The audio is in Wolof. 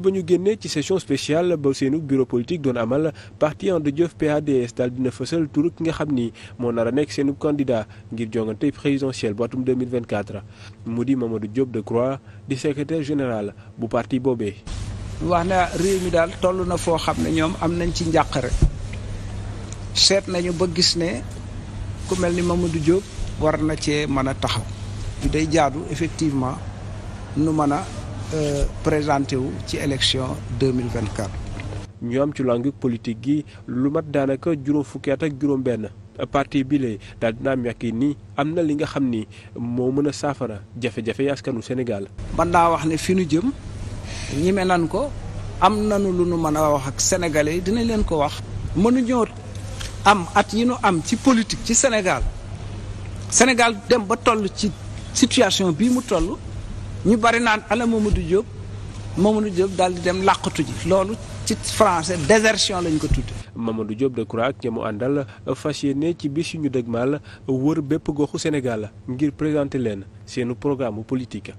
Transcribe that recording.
ba ñu génnee ci session spéciale ba seenu bureau politique doon amal parti And Jëf PADS daal dina fësal turu ki nga xam ni moo nar a nekk seenu candidat ngir jongante présidentielle bu atum 2024 mu di Mamadou Diop Decroix di secrétaire général bu parti boobee. wax na réew mi daal toll na foo xam ne ñoom am nañ ci njàqare seet nañu ba gis ne ku mel ni du Diop war na ce mën a taxaw. day jaadu effectivement nu mën a. Euh, présenté wu ci élection 2024. ñu am ci langue politique gi lu mat daanaka juróom fukki at ak juróom benn parti bile daal dina am yàqin am na li nga xam ni moo mën a saafara jafe-jafe yi askanu Sénégal. man naa wax ne fi nu jëm ñime nan ko am nanu lu nu mën a wax ak sénégalais yi dinañ leen ko wax. mënuñoo am at yi nu am ci politique ci Sénégal Sénégal dem ba toll ci situation bii mu toll. ñu bari naan du Mamadou Diop Mamadou Diop daal di dem làqatu ji loolu ci français désertion lañ ko tudd. Mamadou jóob de ak ña mu àndal fas ne ci bis yu ñu dëgmal wër bépp goxu Sénégal ngir présenter leen seenu programme politique.